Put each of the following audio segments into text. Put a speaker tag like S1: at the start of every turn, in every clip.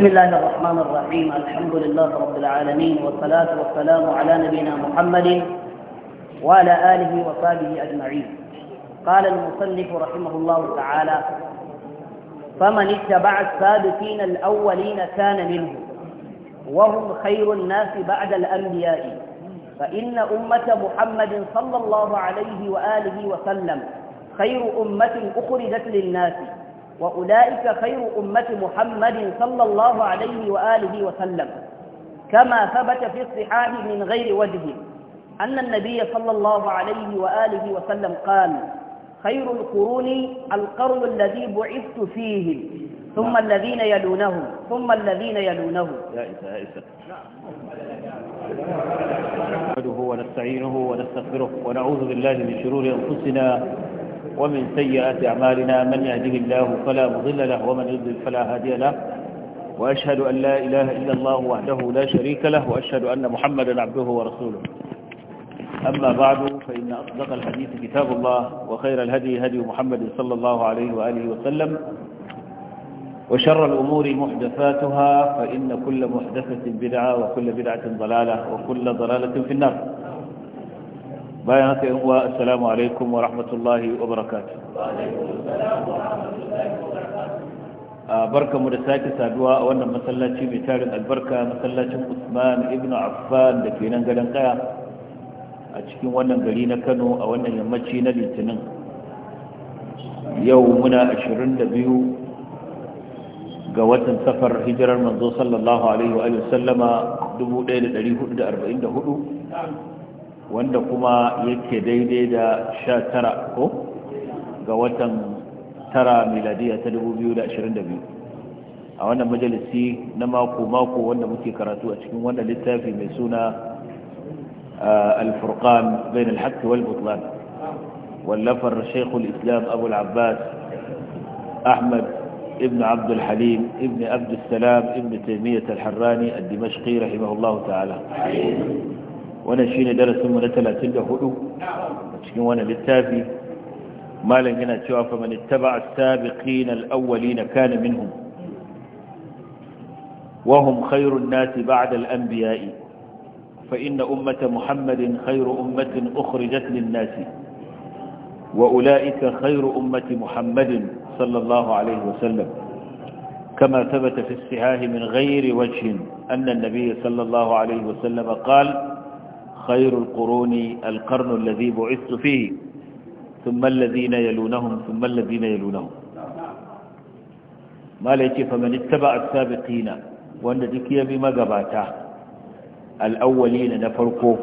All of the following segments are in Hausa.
S1: بسم الله الرحمن الرحيم الحمد لله رب العالمين والصلاة والسلام على نبينا محمد وعلى آله وصحبه أجمعين قال المصنف رحمه الله تعالى فمن اتبع السابقين الأولين كان منه وهم خير الناس بعد الأنبياء فإن أمة محمد صلى الله عليه وآله وسلم خير أمة أخرجت للناس وأولئك خير أمة محمد صلى الله عليه وآله وسلم كما ثبت في الصحاح من غير وجه أن النبي صلى الله عليه وآله وسلم قال خير القرون القرن الذي بعثت فيه ثم الذين يلونه ثم الذين يلونه يا عيسى يا عيسى نحمده ونستعينه ونستغفره ونعوذ بالله من شرور أنفسنا ومن سيئات أعمالنا من يهده الله فلا مضل له ومن يضلل فلا هادي له وأشهد أن لا إله إلا الله وحده لا شريك له وأشهد أن محمدا عبده ورسوله أما بعد فإن أصدق الحديث كتاب الله وخير الهدي هدي محمد صلى الله عليه وآله وسلم وشر الأمور محدثاتها فإن كل محدثة بدعة وكل بدعة ضلالة وكل ضلالة في النار bayan haka yin uwa assalamu alaikum wa rahmatullahi wa barakatu barkanmu da sake saduwa a wannan masallaci mai tarin albarka masallacin usman ibn affan da ke nan gadon kaya a cikin wannan gari na kano a wannan yammaci na litinin yau muna 22 ga watan safar hijirar manzo sallallahu alaihi wa sallama 1444 wanda kuma yake daidai da sha tara ko ga watan tara miladiya ta 2022 a wannan majalisi na mako-mako wanda muke karatu a cikin wannan littafi mai suna al-furqan bain al-haqq wal butlan wallafar shaykhul islam abu al-abbas ahmad ibn abd al-halim ابن عبد الحليم ابن عبد السلام ابن تيمية الحراني الدمشقي رحمه الله تعالى wannan shine darasinmu na 34 cikin wannan littafi malam yana cewa fa man ittaba as-sabiqin al-awwalin kana minhum wa hum khayrun nas ba'da al-anbiya'i fa inna ummata muhammadin khairu ummatin ukhrijat lin-nas wa ulaika khairu ummati muhammadin sallallahu alayhi wa sallam كما ثبت في السهاه من غير وجه أن النبي صلى الله عليه وسلم قال خير القرون القرن الذي بعثت فيه ثم الذين يلونهم ثم الذين يلونهم ما ليتي فمن اتبع السابقين وأن ذكي بما قباته الأولين نفرقه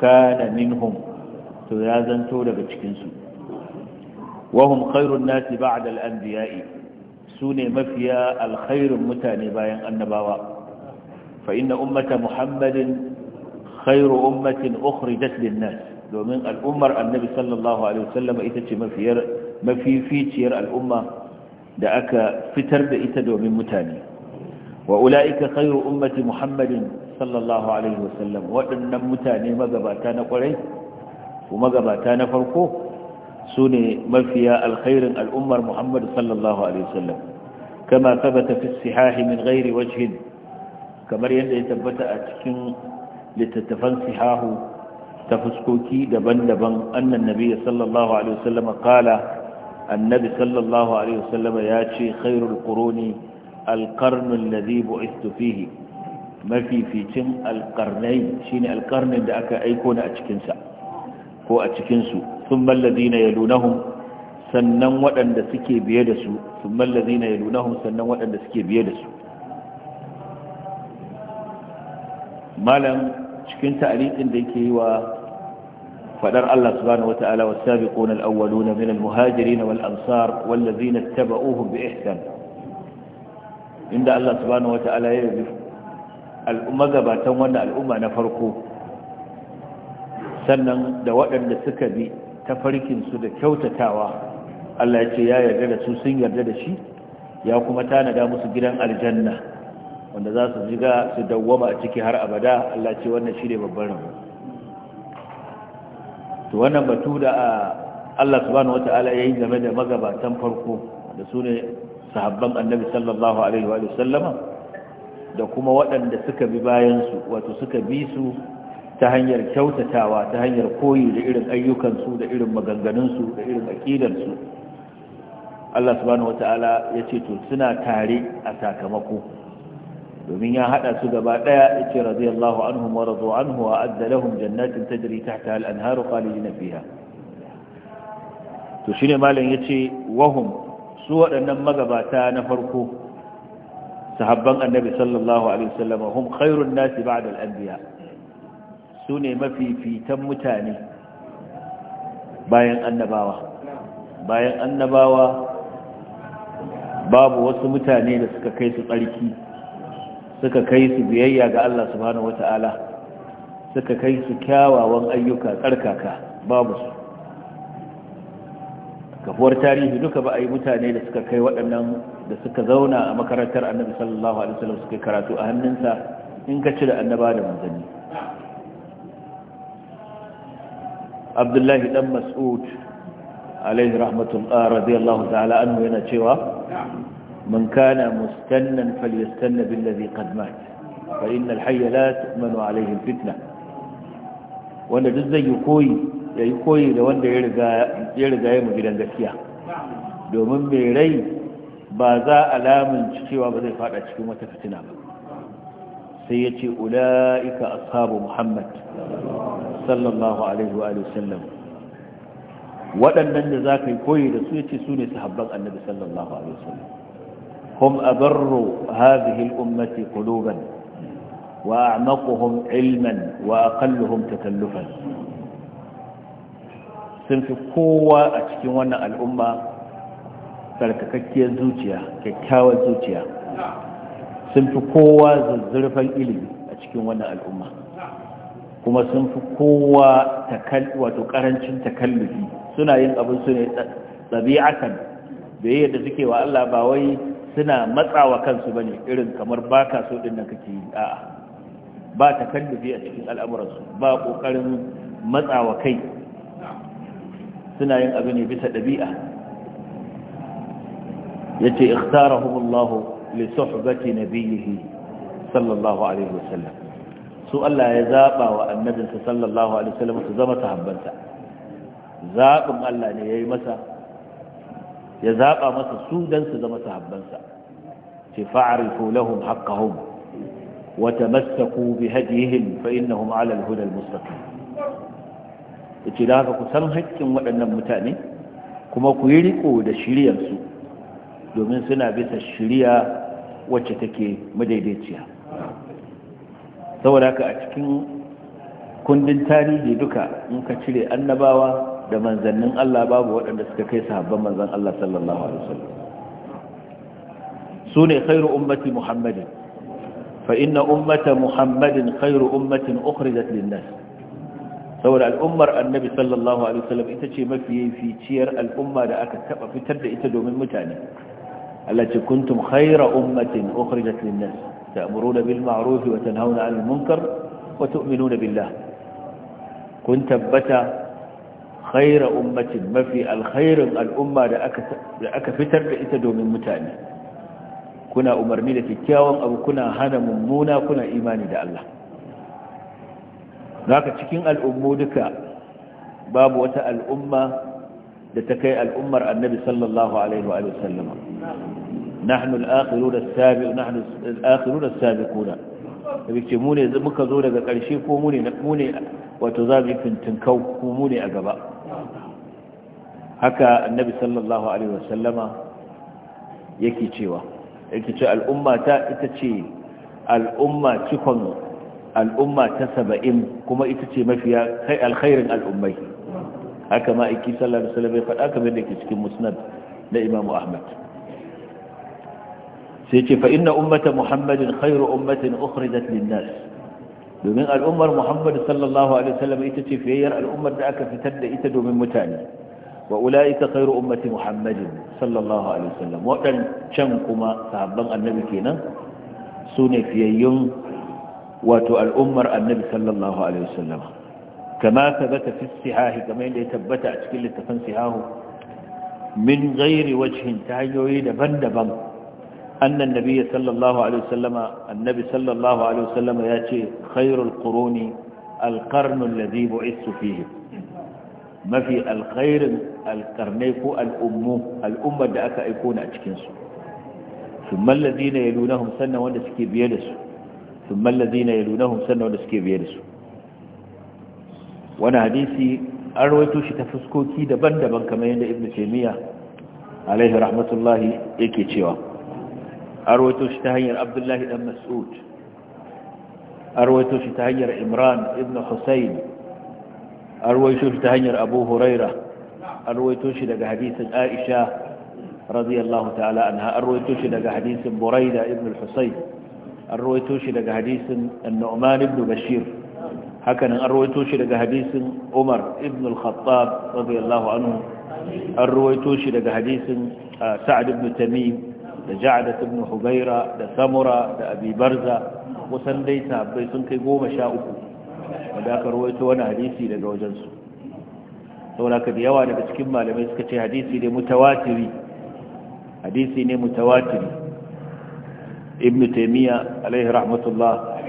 S1: كان منهم تيازن تولى بتشكنسو وهم خير الناس بعد الأنبياء سوني مفيا الخير متانبايا النباوة فإن أمة محمد kairu ummatin ukhrijat lin-nas domin al'ummar annabi sallallahu alaihi wasallam ce mafiyar mafificiyar al'umma da aka fitar da ita domin mutane wa ulaika khairu ummati muhammadin sallallahu waɗannan mutane magabata na kwarai kuma magabata na farko su ne mafiya alkhairin al'ummar muhammadu sallallahu alaihi wasallam kama tabbata fi sihahi min ghairi wajhin kamar yadda ya tabbata a cikin littattafan sihahu ta fuskoki daban-daban annan nabi sallallahu alaihi wasallam kala annabi sallallahu alaihi wasallam ya ce khairul quruni alqarnul ladhi bu'istu fihi mafificin alqarnai shine alqarnin da aka aiko ni a cikin sa ko a cikin su thumma alladhina yalunahum sannan waɗanda suke biye da su thumma alladhina yalunahum sannan waɗanda suke biye da su malam cikin ɗin da yake yi wa faɗar Allah subhanahu wata'ala was-sabiquna al-awwaluna min al-muhajirin wal-ansar wal-ladhina ittaba'uuhum bi ihsan inda Allah subhanahu wata'ala ya yi al-umma gabatan wannan al na farko sannan da waɗanda suka bi ta farkin su da kyautatawa Allah ya ce ya yarda da su sun yarda da shi ya kuma tanada musu gidan aljanna wanda za su jiga su dawwama a ciki har abada Allah ce wannan shi ne babban rabo to wannan batu da Allah subhanahu wata'ala ya yi game da magabatan farko da su ne sahabban annabi sallallahu alaihi wa sallama da kuma waɗanda suka bi bayansu wato suka bi su ta hanyar kyautatawa ta hanyar koyi da irin ayyukansu da irin maganganunsu da irin aƙidarsu Allah subhanahu wata'ala ya ce to suna tare a sakamako domin ya hada su gaba daya yace radiyallahu anhum wa radu anhu wa adda lahum jannatin tajri tahtaha al-anharu khalidina fiha to shine malam yace wahum su wadannan magabata na farko sahabban annabi sallallahu alaihi wasallam hum khairun nasi ba'da al-anbiya sune fitan mutane bayan annabawa bayan annabawa babu wasu mutane da suka kai su tsarki suka kai su biyayya ga Allah subhanahu wata'ala suka kai su kyawawan ayyuka tsarkaka babu su kafuwar tarihi duka ba a yi mutane da suka kai waɗannan da suka zauna a makarantar annabi sallallahu alaihi wasallam suka karatu a hannunsa in ka cire annaba da manzanni abdullahi dan mas'ud alaihi rahmatullah radiyallahu ta'ala anhu yana cewa من كان مستنا فليستن بالذي قد مات فإن الحي لا تؤمن عليه الفتنة wanda duk zai yi koyi ya yi koyi da wanda ya riga ya mu gidan gaskiya domin mai rai ba za a lamunci cewa ba zai fada cikin wata fitina ba sai ya ce ula'ika ashabu muhammad sallallahu wa sallam waɗannan da za ka yi koyi da su ya ce annabi wa هم أبر هذه الأمة قلوبا وأعمقهم علما وأقلهم تكلفا سنف قوة أتكيوانا الأمة فلككي زوتيا ككاوى زوتيا سنف قوة الزرف الإلي أتكيوانا الأمة kuma sun fi kowa wato ƙarancin takallufi suna yin abin su ne ɗabi'akan da suna matsawa kansu bane irin kamar baka so din nan kake yi a'a ba takallufi a cikin al'amuransu ba kokarin matsawa kai suna yin abu ne bisa dabi'a yace ikhtarahumullahu li suhbati nabiyhi sallallahu alaihi wasallam su Allah ya zaba wa annabinsa sallallahu alaihi wasallam su zama sahabbansa zaɓin Allah ne ya yi masa ya zaɓa masa su don su zama sahabbansa ce fa'arifu lahum haqqahum wa tamassaku bi hadihim fa'in na huma alal huda al-mustaqim yace da haka ku san haƙƙin waɗannan mutane kuma ku yi riko da shiryar su domin suna bisa shiriya wacce take madaidaiciya saboda haka a cikin kundin tarihi duka in ka cire annabawa da manzannin Allah babu waɗanda suka kai sahabban manzan Allah sallallahu alaihi wasallam su ne khairu ummati muhammadin fa inna ummata muhammadin khairu ummatin ukhrijat lin-nas saboda al'ummar annabi sallallahu alaihi wasallam ita ce mafi ficiyar al'umma da aka taba fitar da ita domin mutane Allah ce kuntum khayra ummatin ukhrijat lin-nas ta'muruna bil ma'ruf wa tanhauna 'anil munkar wa tu'minuna billah kun tabbata khaira ummatin mafi alkhairin al'umma da aka fitar da ita domin mutane kuna umarni da kyakkyawan abu kuna hana mummuna kuna imani da Allah zaka cikin al'ummu duka babu wata al'umma da ta kai al'ummar annabi sallallahu alaihi wa sallama nahnu al-akhiruna as-sabiquna da ce mu ne muka zo daga ƙarshe ko mu ne wato za mu yi fintinkau ko mu ne a gaba haka annabi sallallahu alaihi wasallama yake cewa yake ce al'umma ta ita ce al'umma cikon al'umma ta saba'in kuma ita ce mafiya kai alkhairin al'ummai haka ma aiki sallallahu alaihi wasallam ya faɗa kamar da ke cikin musnad na imamu ahmad sai ce fa inna ummata muhammadin khairu ummatin ukhrijat lin-nas domin al'ummar muhammad sallallahu alaihi wasallam ita ce fiyayyar al'ummar da aka fitar da ita domin mutane wa ulaika khairu ummati muhammadin sallallahu alaihi wasallam wadancan kuma sahabban annabi kenan su ne fiyayyun wato al'ummar annabi sallallahu alaihi wasallam kama thabata fi sihahi kama yadda ya tabbata a cikin littafin sihahu min ghairi wajhin ta hanyoyi daban-daban annan nabiya sallallahu alaihi wasallama annabi sallallahu alaihi wasallama ya ce khairul quruni alqarnul ladhi bu'ithu fihi mafi alkhairin alqarnai ko al'ummu al'umma da aka aiko na cikin su thumma alladhina yalunhum sanna wanda suke biye da su thumma alladhina yalunhum sanna wanda suke biye da su wani hadisi an rawaito shi ta fuskoki daban-daban kamar yadda ibnu taymiya alaihi rahmatullahi yake cewa أرويته اشتهير عبد الله بن مسعود أرويته اشتهير إمران ابن حسين أرويته اشتهير أبو هريرة أرويته اشتهير حديث عائشة رضي الله تعالى عنها أرويته اشتهير حديث بريدة ابن الحسين أرويته اشتهير حديث النعمان ابن بشير هكذا an ruwaito shi daga hadisin umar ibn al-khattab radiyallahu anhu an ruwaito shi daga da ja'adat ibn hubaira da samura da abi barza kusan dai sahabbai sun kai goma sha uku wanda aka rawaito wani hadisi daga wajensu saboda ka da yawa daga cikin malamai suka ce hadisi ne mutawatiri hadisi ne mutawatiri ibn taymiya alaihi rahmatullah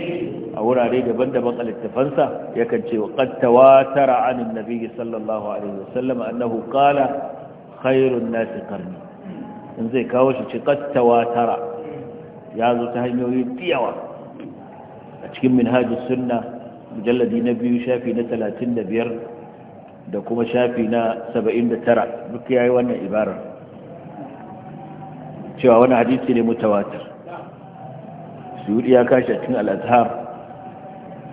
S1: a wurare daban-daban a littafansa yakan ce wa qad tawatara an annabi sallallahu alaihi wasallam annahu qala khairun nasi qarni in zai kawo shi ce kattawa tara ya zo ta hanyoyi diyawa a cikin minhajus sunna mujalladi na biyu shafi na talatin da biyar da kuma shafi na saba'in da tara duk ya yi wannan ibarar cewa wani hadisi ne mutawatir suyudi ya kashi a cikin al'azhar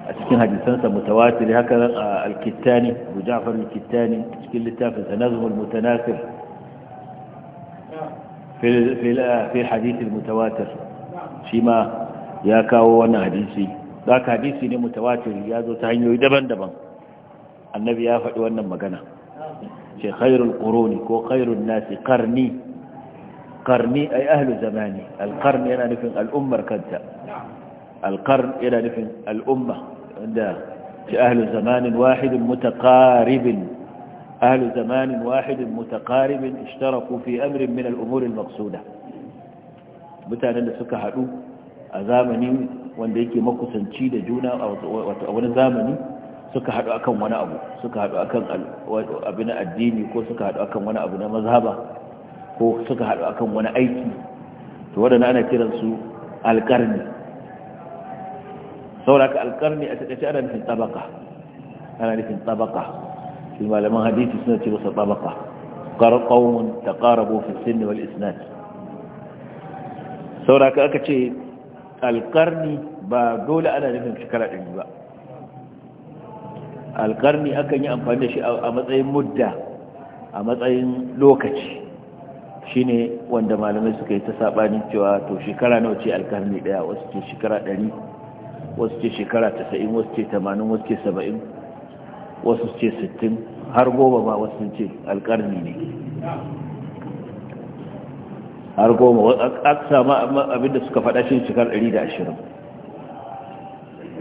S1: a cikin hadisansa mutawatir haka a alkittani bu alkittani cikin littafinsa nazmul mutanasir fil hadisi mutawatir shi ma ya kawo wannan hadisi za ka hadisi ne mutawatir ya zo ta hanyoyi daban-daban annabi ya faɗi wannan magana ce khairul quruni ko khairun nasi karni qarni ay ahlu zamani alqarn yana nufin al'ummar kanta alqarn yana nufin al'umma wanda ce ahlu zamanin wahidin mutaqaribin أهل زمان واحد متقارب اشتركوا في أمر من الأمور المقصودة mutanen da suka haɗu a zamani wanda yake makusanci da juna a wani zamani suka haɗu akan wani abu suka haɗu akan abu na addini ko suka haɗu akan wani abu na mazhaba ko suka haɗu akan wani aiki to waɗanda ana kiransu alƙarni sauraka alƙarni ana nufin shi malaman hadisi suna ce masa tabaka qar qaumun taqarabu fi sin wal isnad saboda aka ce alqarni ba dole ana nufin shekara 100 ba alqarni akan yi amfani da shi a matsayin mudda a matsayin lokaci shine wanda malamai suka yi ta sabanin cewa to shekara nawa ce alqarni daya wasu ce shekara 100 wasu ce shekara 90 wasu ce 80 wasu ce wasu ce sittin har goma ba wasu sun ce alƙarni ne har goma a ma abinda suka faɗa shi cikar ashirin.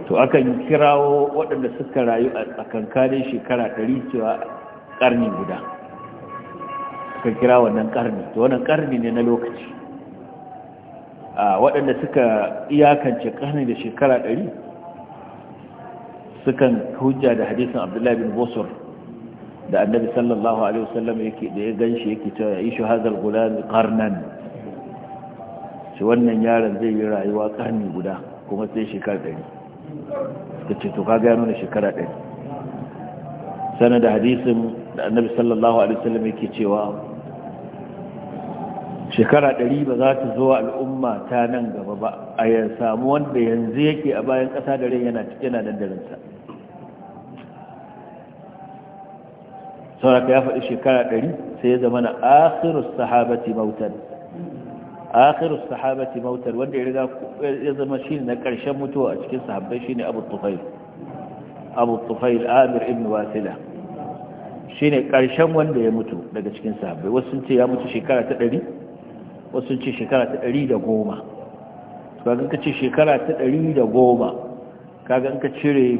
S1: to akan kirawo waɗanda suka rayu a kankanin shekara 100 cewa ƙarni guda suka kira wannan ƙarni to wannan ƙarni ne na lokaci a waɗanda suka iyakance ƙarni da shekara ɗari sukan hujja da hadisin abdullahi bin busur da annabi sallallahu alaihi wasallam yake da ya ganshi yake ta ya ishu hazal gulam qarnan shi wannan yaron zai yi rayuwa karni guda kuma sai shekara ɗari. suka ce to gano ya shekara ɗari. sanar da hadisin da annabi sallallahu alaihi wasallam yake cewa shekara ɗari ba za ta zo al'umma ta nan gaba ba a yan samu wanda yanzu yake a bayan ƙasa da rai yana yana dandaransa sauraka ya faɗi shekara ɗari sai ya zama na akhirus sahabati mautan akhirus sahabati mautan wanda ya riga ya zama shi na ƙarshen mutuwa a cikin sahabbai shi ne abu tufail abu tufail amir ibn wasila shi ne ƙarshen wanda ya mutu daga cikin sahabbai wasu sun ce ya mutu shekara ta ɗari wasu sun ce shekara ta ɗari da goma kaga ka ce shekara ta ɗari da goma kaga ka cire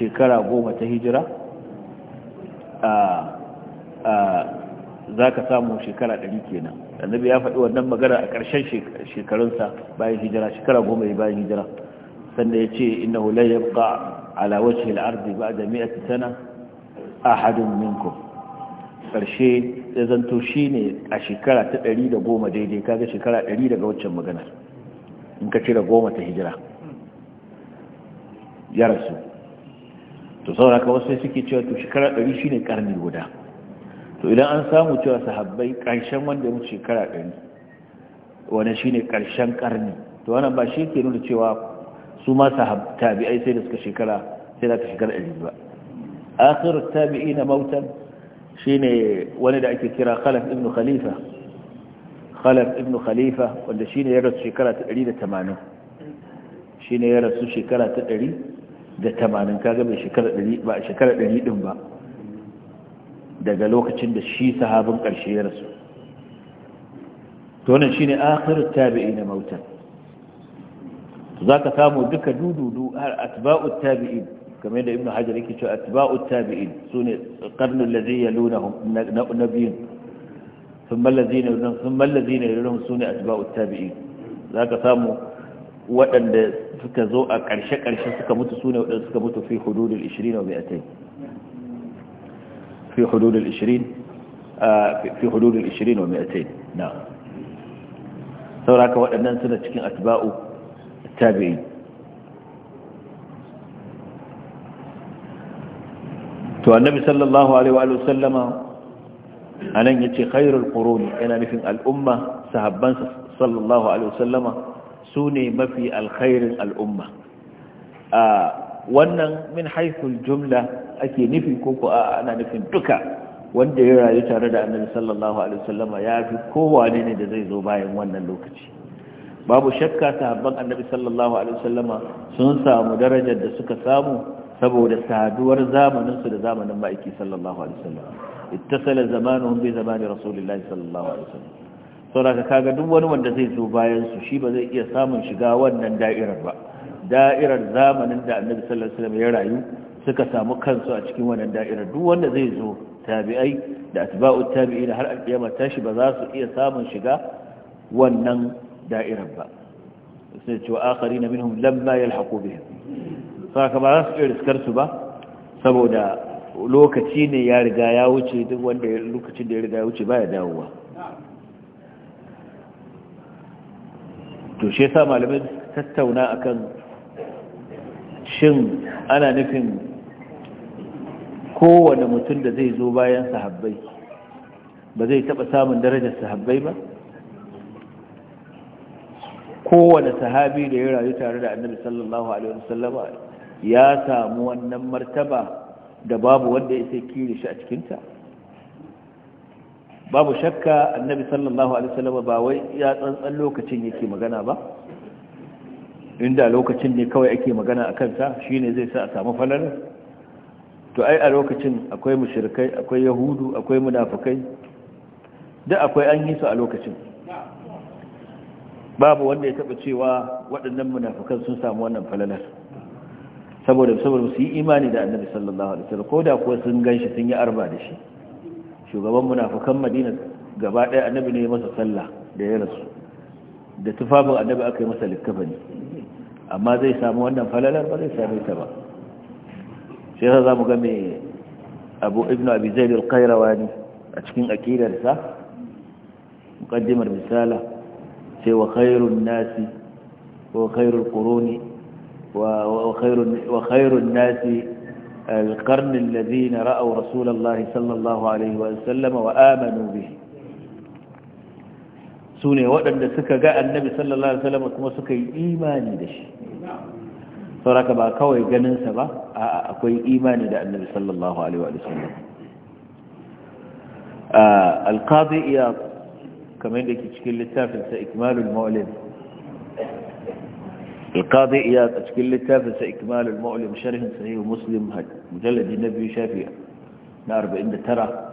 S1: shekara goma ta hijira za ka samu shekara ɗari kenan annabi ya faɗi wannan magana a ƙarshen shekarunsa bayan hijira shekara goma bayan hijira sanda ya ce inna la alawacin al'arzi ba al-ardi a titana a hadin minku ƙarshe ya zanto shi ne a shekara ta ɗari da goma daidai kaga shekara ɗari daga waccan magana in ka cire goma ta hijira ya rasu to sauraka wasu sai suke cewa to shekara ɗari shine karni guda to idan an samu cewa sahabbai ƙarshen wanda ya shekara ɗari wani shine ƙarshen karni to wannan ba shi ke nuna cewa su ma sahab tabi'ai sai da suka shekara sai da ta shekara ɗari ba akhir tabi'ina mautan shine wani da ake kira khalaf ibn khalifa khalaf ibn khalifa wanda shine ya rasu shekara ta ɗari da 180 shine ya rasu shekara ta ɗari. da tamanin kaga bai shekara ɗari ɗin ba daga lokacin da shi sahabin ƙarshe ya rasu tonin shi ne akirar tabi'i na mautan za ka samu duka dududu har atba'ut tabi'in kamar yadda ibn hajar yake cewa atba'ut tabi'in su ne karnin lazai ya luna na biyun sun mallazi na yalunahun su ne atba'ut tabi'in za ka samu waɗanda suka zo a ƙarshe-ƙarshe suka mutu su ne waɗanda suka mutu fi hududul 20 wa bi'atai fi hududul 20 fi hududul 20 wa bi'atai na sauraka waɗannan suna cikin atba'u tabi'i to annabi sallallahu alaihi wa sallama anan yace khairul quruni yana nufin al'umma sahabban sallallahu alaihi wa sallama su ne mafi alkhairin al'umma a wannan min haithul jumla ake nufi koko a ana nufin duka wanda ya rayu tare da annabi sallallahu alaihi wasallama ya fi kowane ne da zai zo bayan wannan lokaci babu shakka sahabban annabi sallallahu alaihi wasallama sun samu darajar da suka samu saboda saduwar zamanin su da zamanin ma'aiki sallallahu alaihi wasallama ittasala zamanuhum bi zamani rasulillahi sallallahu alaihi wasallam saboda kaga duk wani wanda zai zo bayan su shi ba zai iya samun shiga wannan da'irar ba da'irar zamanin da annabi sallallahu alaihi wasallam ya rayu suka samu kansu a cikin wannan da'irar duk wanda zai zo tabi'ai da atba'u tabi'in har alqiyama tashi ba za su iya samun shiga wannan da'irar ba sai ce wa akharina minhum lamma yalhaqu bihim saka ba za su iya riskar su ba saboda lokaci ne ya riga ya wuce duk wanda lokacin da ya riga ya wuce baya dawowa to shi yasa malamai tattauna akan shin ana nufin kowane mutum da zai zo bayan sahabbai ba zai taɓa samun darajar sahabbai ba kowane sahabi da ya rayu tare da annabi sallallahu alaihi wasallama ya samu wannan martaba da babu wanda ya sai kire shi a cikinta babu shakka annabi sallallahu alaihi wasallam ba wai ya tsantsan lokacin yake magana ba inda lokacin ne kawai ake magana a kansa shine zai sa a samu falalar to ai a lokacin akwai mushrikai akwai yahudu akwai munafikai duk akwai an yi su a lokacin babu wanda ya taba cewa waɗannan munafikan sun samu wannan falalar saboda saboda su yi imani da annabi sallallahu alaihi wasallam ko da kuwa sun ganshi sun yi arba da shi shugaban munafukan madina gaba ɗaya annabi ne masa sallah da ya rasu da tufafin annabi aka yi masa likkafa ne amma zai samu wannan falalar ba zai same ta ba sai za mu ga mai abu ibn abi zaid al-qayrawani a cikin aqidarsa muqaddimar misala sai wa khairun nasi wa khairul quruni wa khairun wa khairun nasi القرن الذين رأوا رسول الله صلى الله عليه وسلم وآمنوا به سوني وأن سكا النبي صلى الله عليه وسلم كما سكا إيماني دش سوراك با كوي جنن سبا أكوي إيماني دا النبي صلى الله عليه وسلم آه القاضي إياض كما عندك تشكيل للتافل سإكمال المؤلم القاضي إياد أتكل للتافة سإكمال المؤلم شرح صحيح مسلم مجلد النبي شافية نعرف إن ترى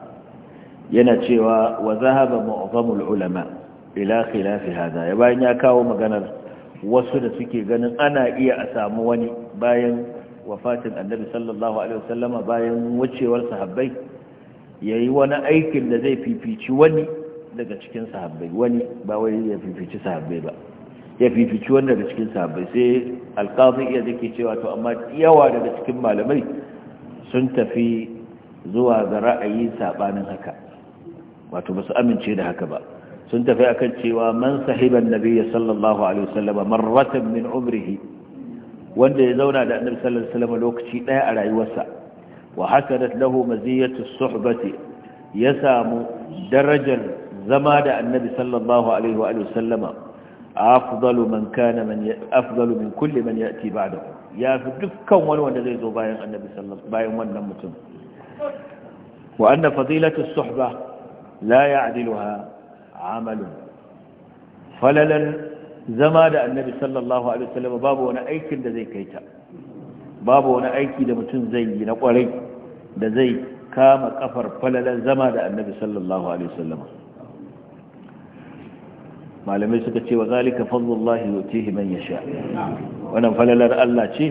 S1: ينتشي وذهب معظم العلماء إلى خلاف هذا يبين يكاو مغانا وسنة سكي غانا أنا إيا أسامواني باين وفاة النبي صلى الله عليه وسلم باين وجه والصحبي yayi wani aikin da zai fifici wani daga cikin sahabbai wani ba wai ya fifici sahabbai ba ya fifici wanda daga cikin sahabbai sai alƙafin iya zai cewa to amma yawa daga cikin malamai sun tafi zuwa ga ra'ayi saɓanin haka wato ba su amince da haka ba sun tafi akan cewa man sahiban nabiyya sallallahu alaihi wasallam marratan min umrihi wanda ya zauna da annabi sallallahu alaihi wasallam lokaci daya a rayuwarsa wa hasadat lahu maziyatu suhbati ya samu darajar zama da annabi sallallahu alaihi wa sallama أفضل min كان man ي... أفضل من كل من يأتي بعده يا في دكان ولا ولا bayan زباين النبي صلى الله عليه وسلم باين ولا متم وأن فضيلة da annabi sallallahu alaihi wasallam babu wani aikin da zai kaita babu wani aiki da mutum zai yi na kwarai da zai kama kafar falalan zama da annabi sallallahu alaihi wasallam malamai suka ce wa zalika fadlullahi yutihi man yasha wannan falalar Allah ce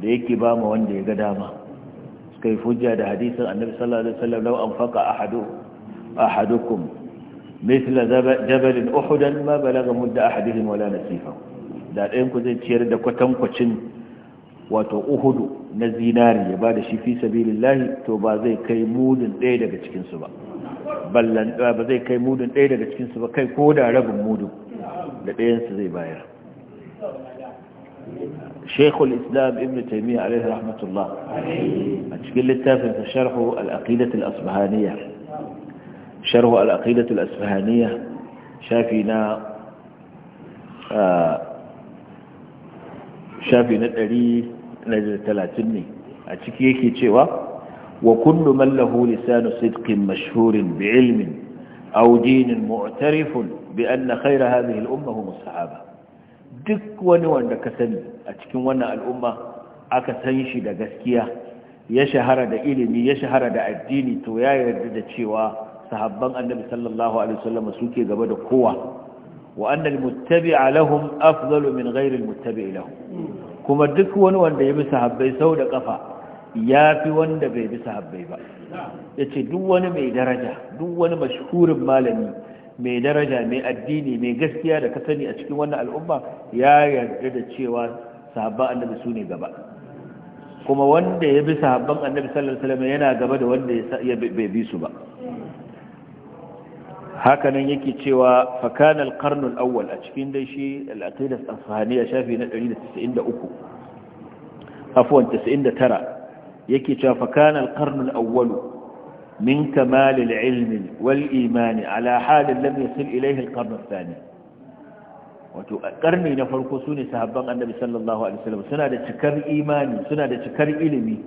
S1: da yake ba mu wanda ya ga dama suka yi hujja da hadisin annabi sallallahu alaihi wasallam law anfaqa ahadu ahadukum mithla jabal uhud ma balagha mudda ahadihim wala nasifa da ɗayan ku zai ciyar da kwatankwacin wato uhudu na zinari ya da shi fi sabilillahi to ba zai kai mudin ɗaya daga cikin su ba ballan ba zai kai mudun ɗaya daga cikinsu ba kai ko da rabin mudu da ɗayansu zai bayar shekul islam ibn taimiyya alaihi rahmatullah a cikin littafinsa sharhu al'aqidatul asbahaniya sharhu al'aqidatul asbahaniya shafi na shafi na 130 ne a ciki yake cewa وكل من له لسان صدق مشهور بعلم أو دين معترف بأن خير هذه الأمة هم الصحابة duk wani wanda ka sani a cikin wannan al'umma aka san shi da gaskiya ya shahara da ilimi ya shahara da addini to ya yarda da cewa sahabban annabi sallallahu alaihi wasallam suke gaba da kowa wa annal muttabi'a lahum afdalu min ghairi al muttabi'i lahum kuma duk wani wanda ya bi sahabbai sau da ƙafa. ya fi wanda bai bi sahabbai ba ya ce duk wani mai daraja duk wani mashhurin malami mai daraja mai addini mai gaskiya da kasani a cikin wannan al'umma ya yarda da cewa sahabban annabi su ne gaba kuma wanda ya bi sahabban annabi sallallahu alaihi yana gaba da wanda ya bai bi su ba hakanan yake cewa fakan al-qarn al-awwal a cikin dai shi al-aqidah as-sahaniya shafi na 193 afwan 99 yake cewa fa kana al awwal min kamal al wal iman ala halin lam yasil ilayhi al-qarn wato karni na farko sune sahabban annabi sallallahu alaihi wasallam suna da cikar imani suna da cikar ilimi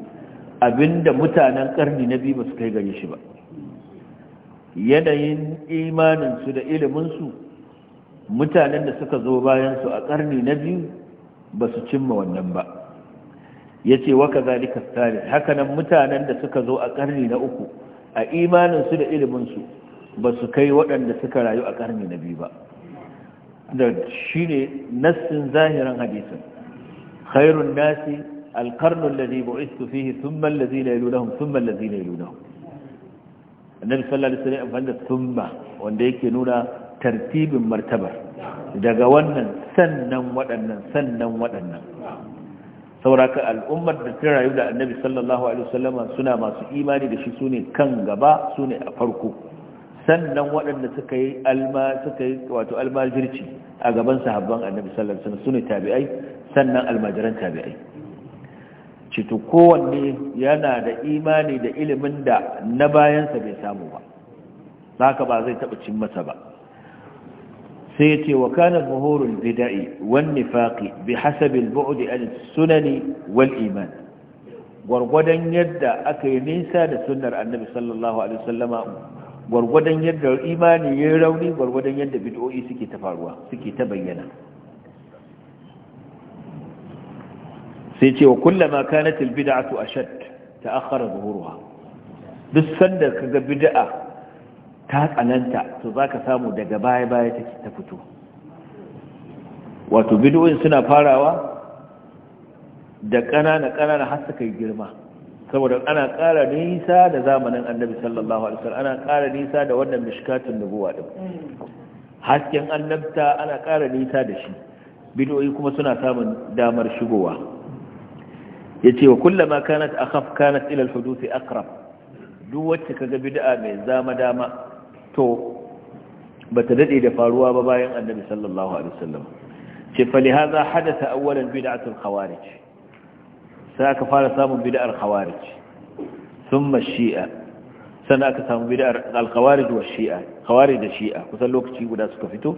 S1: abinda mutanen karni na biyu ba su kai gare shi ba yanayin imaninsu da iliminsu mutanen da suka zo bayansu a karni na biyu ba su cimma wannan ba ya ce waka zalika tsari hakanan mutanen da suka zo a ƙarni na uku a imaninsu da iliminsu ba su kai waɗanda suka rayu a ƙarni na biyu ba da shi ne nassin zahiran hadisin khairun nasi alƙarnun lazi bu'istu fihi thumma allazi la yalunahum thumma allazi la yalunahum annabi sallallahu sun yi amfani da thumma wanda yake nuna tartibin martabar daga wannan sannan waɗannan sannan waɗannan sauraka al'ummar da ta rayu da annabi sallallahu alaihi wasallama suna masu imani da shi sune kan gaba a farko sannan waɗanda suka yi wato almajirci a gaban sahabban annabi sallallahu alaihi tabi'ai sannan almajiran tabi'ai cito kowanne yana da imani da ilimin da na bayansa bai samu ba haka ba zai taɓa cin masa ba sai ya ce wa kanar muhurul bida'i wani faƙi bi hasabin bu'udi al sunani wal iman gwargwadon yadda aka yi nisa da sunnar annabi sallallahu alaihi wasallama gwargwadon yadda imani ya yi rauni gwargwadon yadda bid'o'i suke ta faruwa suke ta bayyana sai ce wa kullama kanat al bid'atu ashad ta'akhkhara zuhuruha duk sanda kaga bid'a ta tsananta to za ka samu daga baya-baya ta fito wato bidoyin suna farawa da ƙanana-ƙanana har suka yi girma saboda ana ƙara nisa da zamanin annabi sallallahu alaihi wasallam ana ƙara nisa da wannan mishkatun nubuwa din hasken annabta ana ƙara nisa da shi bidoyi kuma suna samun damar shigowa yace wa kullama kanat akhaf kanat ila al-huduth aqrab duk wacce kaga bid'a mai zama dama to bata daɗe da faruwa ba bayan annabi sallallahu alaihi wasallam ce fa lihaza awwalan bid'atul khawarij sai aka fara samun bid'ar khawarij thumma shi'a sannan aka samu bid'ar al-khawarij wa shi'a khawarij da shi'a kusan lokaci guda suka fito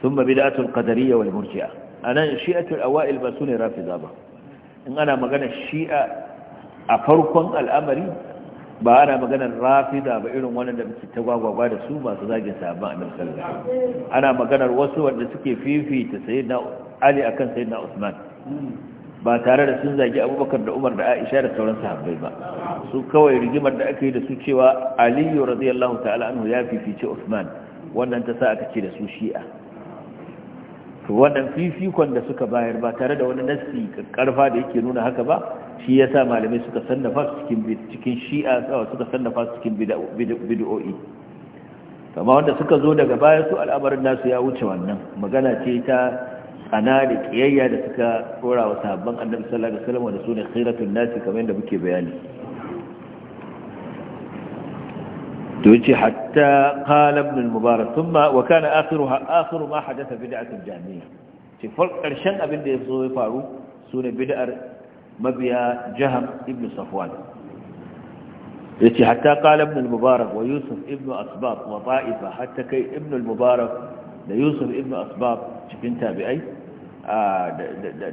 S1: thumma bid'atul qadariyya wal murji'a anan shi'atul awail ba sune rafida ba in ana magana shi'a a farkon al'amari ba ana maganar rafida ba irin wannan da ta gwagwagwa da su masu zagin sahabban annabi sallallahu ana maganar wasu wanda suke fifita sayyidina ali akan sayyidina usman ba tare da sun zagi abubakar da umar da aisha da sauran sahabbai ba su kawai rigimar da aka yi da su cewa aliyu radiyallahu ta'ala anhu ya fifice usman wannan ta sa aka ce da su shi'a to wannan fifikon da suka bayar ba tare da wani nassi karfa da yake nuna haka ba shi yasa malamai suka sannafa cikin cikin shi'a suka sannafa cikin bid'o'i kama wanda suka zo daga baya su al'amarin nasu ya wuce wannan magana ce ta tsana da kiyayya da suka tsora wa sahabban annabi sallallahu alaihi wasallam da sunan khairatul nasi kamar yadda muke bayani to yace hatta mubarak thumma wa kana akhiruha akhiru ma hadatha bid'atu al-jahmiyya ce karshen abin da yaso ya faru sune bid'ar mabiya jihar ibn safwan yace hatta qala mubarak wa yusuf ibn asbab wa ta'ifa hatta kai ibn mubarak da yusuf ibn asbab cikin tabi'ai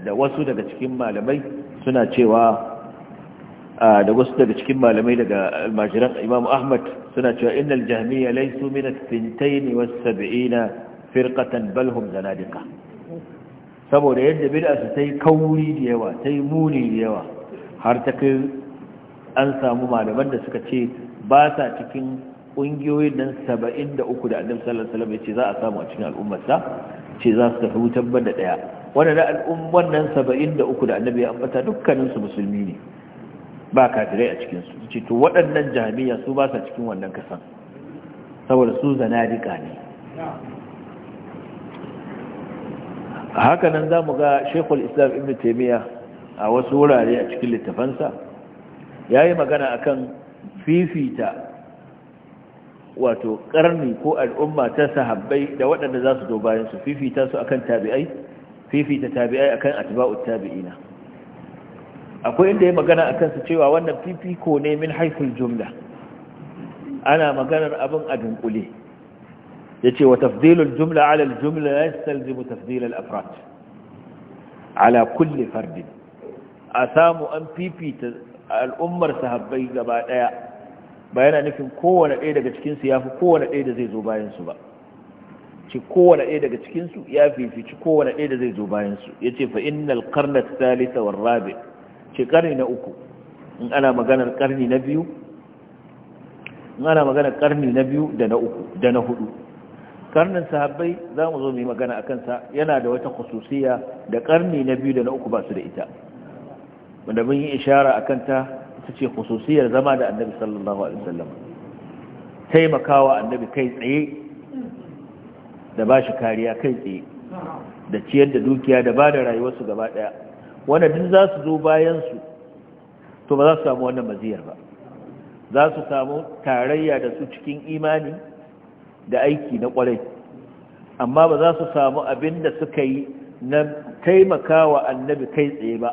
S1: da wasu daga cikin malamai suna cewa da wasu daga cikin malamai daga almajiran imam ahmad suna cewa innal jahmiya laysu min at-tintayn was sab'ina firqatan bal hum zanadiqa saboda yadda bid'a su tai kauri da yawa tai muni da yawa har ta kai an samu malaman da suka ce ba sa cikin kungiyoyin nan 73 da annabi sallallahu alaihi wasallam ya ce za a samu a cikin al'ummarsa ce za su tafi wutar banda daya wannan al'ummar nan 73 da annabi ya ambata dukkanin su musulmi ne ba kafirai a cikinsu ce to waɗannan jami'a su ba sa cikin wannan kasan saboda su zana zanadika ne haka nan za mu ga shekul islam ibn taimiyya a wasu wurare a cikin littafansa ya yi magana a kan fifita wato karni ko al'umma ta sahabbai da waɗanda za su zo fifita su a kan tabi'ai fifita tabi'ai a akan atba'ut tabi'ina akwai inda ya magana a kansu cewa wannan fifiko ne min haifin jumla ana maganar abin a dunkule ya ce wa tafdilul jumla alal jumla ya salzimu tafdilul afrat ala kulle fardin a samu an fifita al'ummar sahabbai gaba daya ba yana nufin kowane ɗaya daga cikinsu ya fi kowane ɗaya da zai zo bayansu ba ci kowane ɗaya daga cikinsu ya fifici kowane ɗaya da zai zo bayansu ya ce fa innal karnat salisa war rabi' ce karni na uku in ana maganar karni na biyu in ana maganar ƙarni na biyu da na uku da na hudu karnin sahabbai za mu zo mu magana a kansa yana da wata khususiya da ƙarni na biyu da na uku ba su da ita wanda mun yi ishara a kanta ita ce khususiyar zama da annabi sallallahu alaihi wasallam taimakawa annabi kai tsaye da ba shi kariya kai tsaye da ciyar da dukiya da ba da rayuwarsu gaba ɗaya. wanda duk za su zo bayansu to ba za su samu wannan maziyar ba za su samu tarayya da su cikin imani da aiki na kwarai amma ba za su samu abin da suka yi na taimakawa annabi kai tsaye ba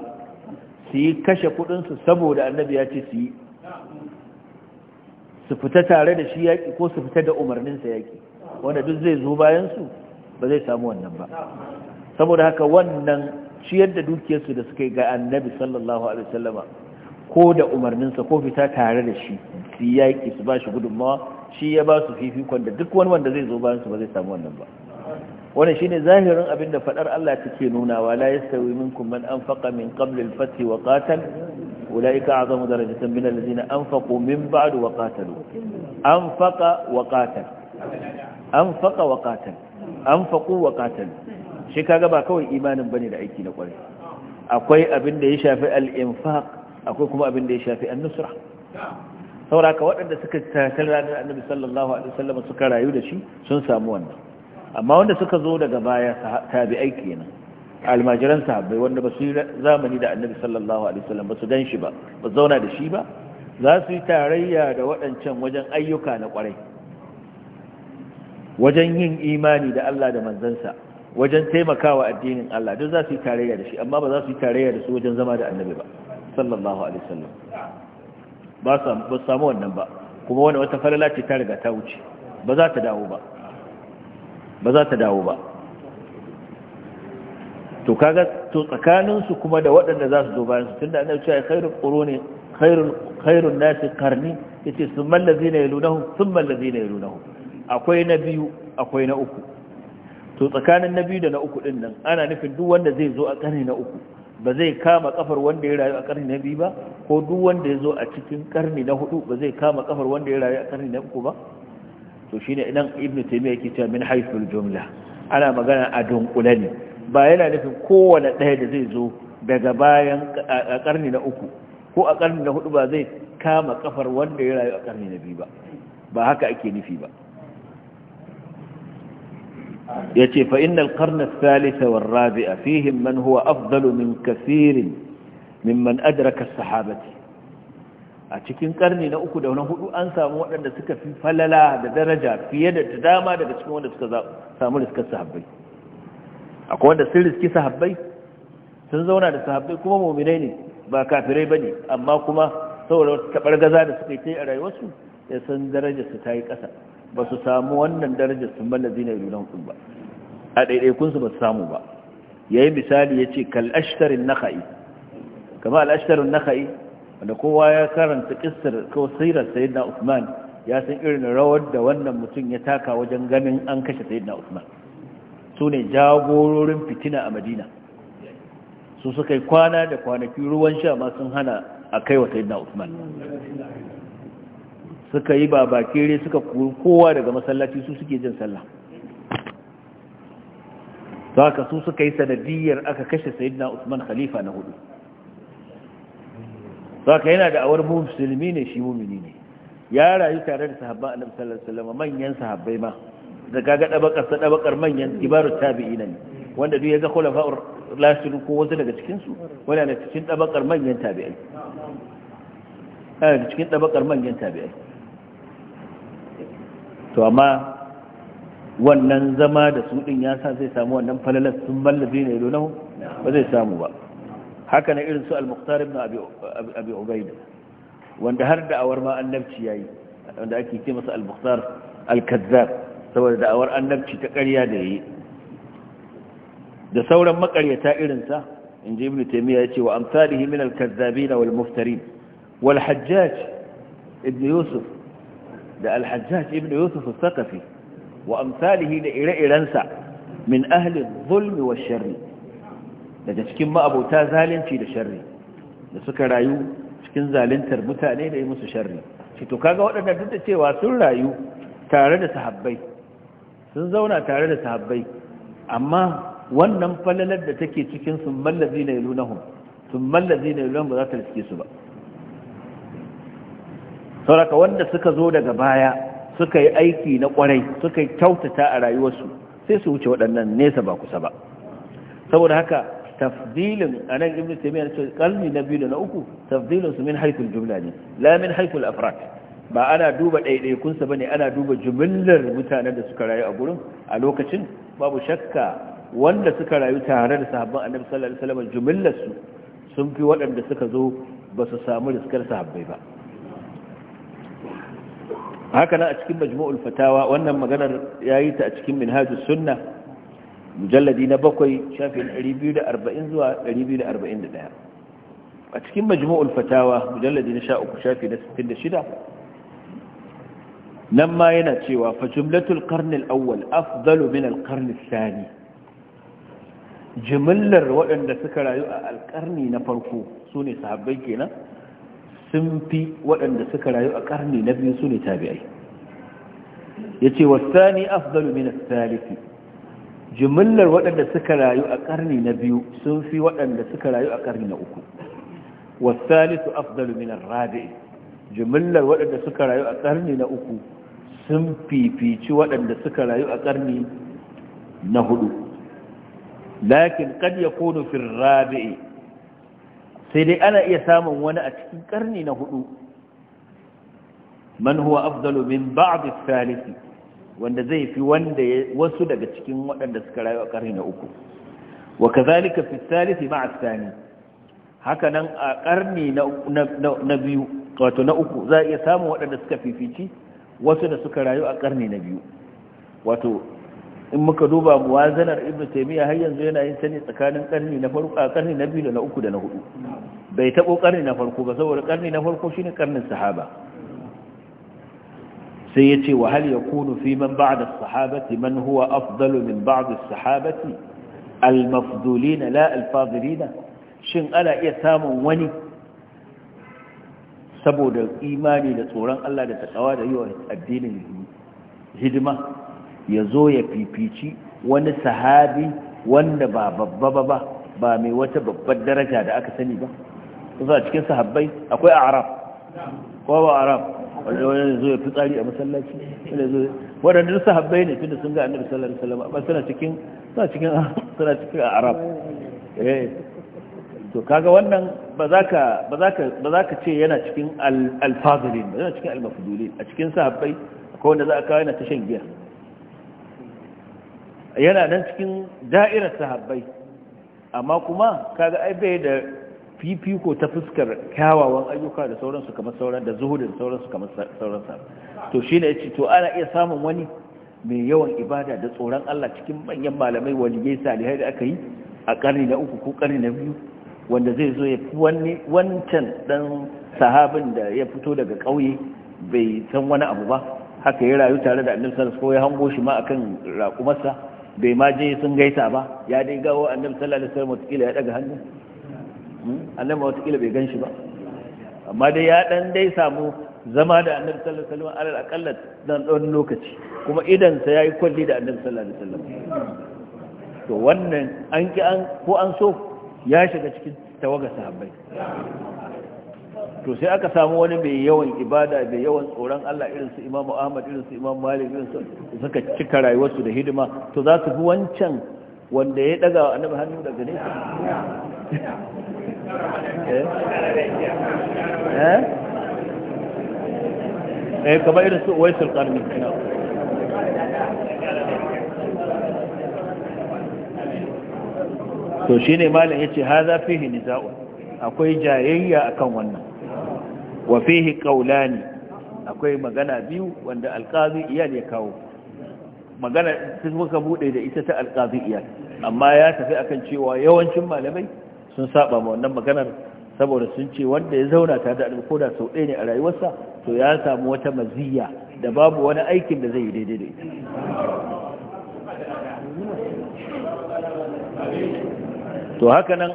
S1: su yi kashe kudinsu saboda annabi ya ce su yi su fita tare da shi yaƙi ko su fita da umarninsa yaƙi wanda duk zai zo bayansu ba zai samu wannan ba saboda haka wannan ciyar da dukiyarsu da suka yi ga annabi sallallahu alaihi wasallama ko da umarninsa ko fita tare da shi su yaƙi su ba shi gudunmawa shi ya ba su fifikon da duk wani wanda zai zo bayan su ba zai samu wannan ba Wani shine zahirin abin da fadar Allah take nuna wa la yastawi minkum man anfaqa min qabl al-fath wa qatal ulaika a'zamu darajatan min alladhina anfaqu min ba'd wa qatalu anfaqa wa qatal anfaqa wa qatal anfaqu wa qatalu shi kaga ba kawai imanin bane da aiki na kwarai akwai abin da ya shafi al-infaq akwai kuma abin da ya shafi an-nusra sauraka waɗanda suka tatar ranar annabi sallallahu alaihi wasallam suka rayu da shi sun samu wannan amma wanda suka zo daga baya tabi'ai kenan almajiran sahabbai wanda ba su yi zamani da annabi sallallahu alaihi wasallam ba su gan shi ba ba zauna da shi ba za su yi tarayya da waɗancan wajen ayyuka na ƙwarai wajen yin imani da Allah da manzansa wajen taimakawa addinin Allah duk za su yi tarayya da shi amma ba za su yi tarayya da su wajen zama da annabi ba sallallahu alaihi wasallam ba su samu wannan ba kuma wani wata falala ce ta riga ta wuce ba za ta dawo ba ba za ta dawo ba to kaga to tsakanin su kuma da waɗanda za su zo bayan su tunda annabi cewa khairul quruni khairul khairun nasi qarni yace summa allazina yalunahum summa allazina yalunahum akwai na biyu akwai na uku to tsakanin na biyu da na uku din nan ana nufin duk wanda zai zo a karni na uku ba zai kama kafar wanda ya rayu a karni na biyu ba ko duk wanda ya zo a cikin karni na hudu ba zai kama kafar wanda ya rayu a karni na uku ba to shine nan ibnu taymiya yake cewa min haythul jumla ana magana a dunkulani. ba yana nufin kowane ɗaya da zai zo daga bayan a karni na uku ko a karni na hudu ba zai kama kafar wanda ya rayu a karni na biyu ba ba haka ake nufi ba yace fa inna qarna ath war-rabi'a fihim man huwa afdalu min kathirin mimman adraka sahabati a cikin karni na uku da na hudu an samu waɗanda suka fi falala da daraja fiye da dama daga cikin wanda suka samu riskar sahabbai akwai wanda sun riski sahabbai sun zauna da sahabbai kuma muminai ne ba kafirai ba ne amma kuma saboda wata gaza da suka yi ta yi a rayuwarsu ya san darajarsu ta yi ƙasa ba su samu wannan darajar sun ballazi yi ilunan su ba a ɗaiɗaikunsu ba su samu ba ya yi misali ya ce kal'ashtarin naka'i kama al'ashtarin naka'i wanda kowa ya karanta ƙistar ko sirar na usman ya san irin rawar da wannan mutum ya taka wajen ganin an kashe na usman su ne jagororin fitina a madina su suka yi kwana da kwanaki ruwan sha ma sun hana a kai wa na usman suka yi kere suka kowa daga masallaci su suke jin sallah ka su suka yi sanadiyar aka kashe sayyidina Usman khalifa na hudu ka yana da awar musulmi ne shi mumini ne ya rayu tare da sahabba a sallallahu alaihi wasallam manyan sahabbai ma da kaga ɗabakar sa ɗabakar manyan tabi'i na ne wanda duk ya ga fa'ur lasirin ko wasu daga cikinsu su wanda cikin ɗabakar manyan tabi'ai cikin manyan tabi'ai to amma wannan zama da su ɗin ya sa zai samu wannan falalar sun mallabi ne don ba zai samu ba haka na irin su al-muqtar ibn abi ubaida wanda har da awar ma annabci yayi wanda ake ce masa al-muqtar al-kazzab saboda da awar annabci ta ƙarya da yayi da sauran makaryata irin sa inji ibn taymiya yace wa amsalihi min al-kazzabin wal muftarin wal hajjaj ibn yusuf da alhajjaj ibn yusuf al-saqafi wa amsalihi da ire-irensa min ahli zulmi wa sharri daga cikin ma'abota zalunci da sharri da suka rayu cikin zaluntar mutane da yi musu sharri shi to kaga waɗanda duk da cewa sun rayu tare da sahabbai sun zauna tare da sahabbai amma wannan falalar da take cikin sun mallazi na ilunahum sun mallazi na ilunahum ba za ta riske su ba sauraka wanda suka zo daga baya suka yi aiki na kwarai suka yi kyautata a rayuwarsu sai su wuce waɗannan nesa ba kusa ba saboda haka tafdilin a nan ibn taymiyyah ce kalmi na biyu da na uku tafdilin su min haifin jumla ne lamin min haifin ba ana duba ɗaiɗaikun sa ne ana duba jumillar mutanen da suka rayu a gurin a lokacin babu shakka wanda suka rayu tare da sahabban annabi sallallahu alaihi wasallam jumillar su sun fi waɗanda suka zo ba su samu riskar sahabbai ba haka a cikin majmu'ul fatawa wannan maganar yayi ta a cikin minhajus sunna mujalladi na bakwai shafin 240 zuwa 241 a cikin majmu'ul fatawa mujalladi na 13 shafi na 66 nan ma yana cewa fa jumlatul qarn al-awwal afdalu min al-qarn al-thani jimillar waɗanda suka rayu a alƙarni na farko su ne sahabbai kenan sun fi waɗanda suka rayu a ƙarni na biyu su ne tabi'ai yace wasani afdalu min ath-thalith jumlar waɗanda suka rayu a ƙarni na biyu sun fi waɗanda suka rayu a ƙarni na uku wath-thalith afdalu min ar-rabi' jumlar waɗanda suka rayu a ƙarni na uku sun fifici waɗanda suka rayu a ƙarni na hudu lakin kad yakunu fi ar-rabi' sai dai ana iya samun wani a cikin ƙarni na hudu man huwa afdalu min ba'd ath-thalith wanda zai fi wanda wasu daga cikin waɗanda suka rayu a ƙarni na uku wa kadhalika fi ath-thalith ma'a ath-thani haka nan a ƙarni na biyu wato na uku za a iya samun waɗanda suka fifici wasu da suka rayu a ƙarni na biyu wato in muka duba muwazanar ibn taymiya har yanzu yana yin sani tsakanin ƙarni na farko a ƙarni na biyu da na uku da na hudu bai taɓo ƙarni na farko ba saboda ƙarni na farko shine ƙarnin sahaba sai ya ce wa hal ya kunu fi man ba'da sahabati man huwa afdalu min ba'da sahabati al la al shin ana iya samun wani saboda imani da tsoron Allah da takawa da yiwa addinin hidima ya zo ya fifici wani sahabi wanda ba babba ba ba ba mai wata babbar daraja da aka sani ba kusa cikin sahabbai akwai arab kowa ba arab wanda zo ya tsari a masallaci zo wadanda su haɓe ne tunda sun ga annabi sallallahu alaihi wasallam amma suna cikin suna cikin ah, suna cikin arab eh to kaga wannan ba za ka ba za ka ba za ka ce yana cikin al ba yana cikin al a cikin haɓe akwai wanda za a kawo yana ta shan giya yana nan cikin da'irar sahabbai amma kuma kaga ai bai da fifiko ta fuskar kyawawan ayyuka da sauransu kamar sauran da zuhudin sauransu kamar sauransa to shi ne ya ce to ana iya samun wani mai yawan ibada da tsoron Allah cikin manyan malamai waliyai salihai da aka yi a ƙarni na uku ko ƙarni na biyu wanda zai zo ya fi wancan ɗan sahabin da ya fito daga ƙauye bai san wani abu ba haka ya rayu tare da annabi sallallahu ko ya hango shi ma akan raƙumarsa bai ma je sun gaisa ba ya dai gawo annabi sallallahu alaihi wasallam ya daga hannu annabi wata kila bai gan shi ba amma dai ya dan dai samu zama da annabi sallallahu alaihi wasallam alal aqalla dan ɗan lokaci kuma idan sa yayi kulli da annabi sallallahu alaihi wasallam to wannan an ki an ko an so ya shiga cikin tawaga sahabbai to sai aka samu wani mai yawan ibada mai yawan tsoron Allah irin su Imam Ahmad irin su Imam Malik irin su suka cika rayuwarsu da hidima to za su bi wancan wanda ya daga annabi hannu daga nesa Eh? eh eh kamar irin su waisul karni to shi ne shine ya ce haza fihi niza'u akwai jayayya akan wannan wa fihi qawlani akwai magana biyu wanda alqazi iyal ya kawo magana ta muka buɗe da ita ta alqazi iyal amma ya tafi akan cewa yawancin malamai sun saba ma wannan maganar saboda sun ce wanda ya zauna tare da alƙo da sau ɗaya ne a rayuwarsa to ya samu wata maziyya da babu wani aikin da zai yi daidai da to haka nan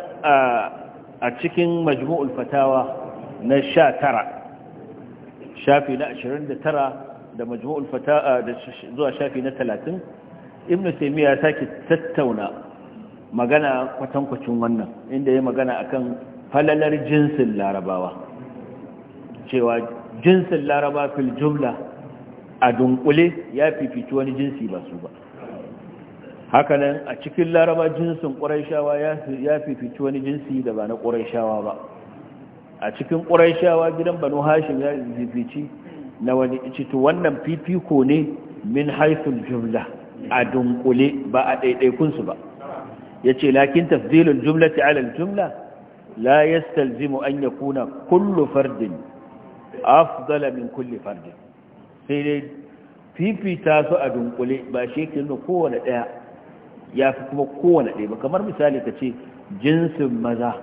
S1: a cikin majmu'ul fatawa na sha tara shafi na ashirin da tara da majmu'ul fatawa zuwa shafi na talatin ibn taymiya ya sake tattauna magana kwatankwacin wannan inda ya magana akan falalar jinsin larabawa cewa jinsin laraba fil jumla a dunkule ya fifici wani jinsi ba su ba hakanan a cikin laraba jinsin ƙuraishawa ya fifici wani jinsi da ba na ƙuraishawa ba a cikin ƙuraishawa gidan banu hashin ya fifici na wani cito wannan fifiko ne min haifin jumla a dunkule ba a ɗaiɗaikunsu ba yace lakin tafdilul jumlati ala al-jumla la yastalzimu an yakuna kullu fardin afgalamin min kulli fardin sai dai fifita su a dunkule ba shi ke nuna kowane daya ya fi kuma kowane daya ba kamar misali ka ce jinsin maza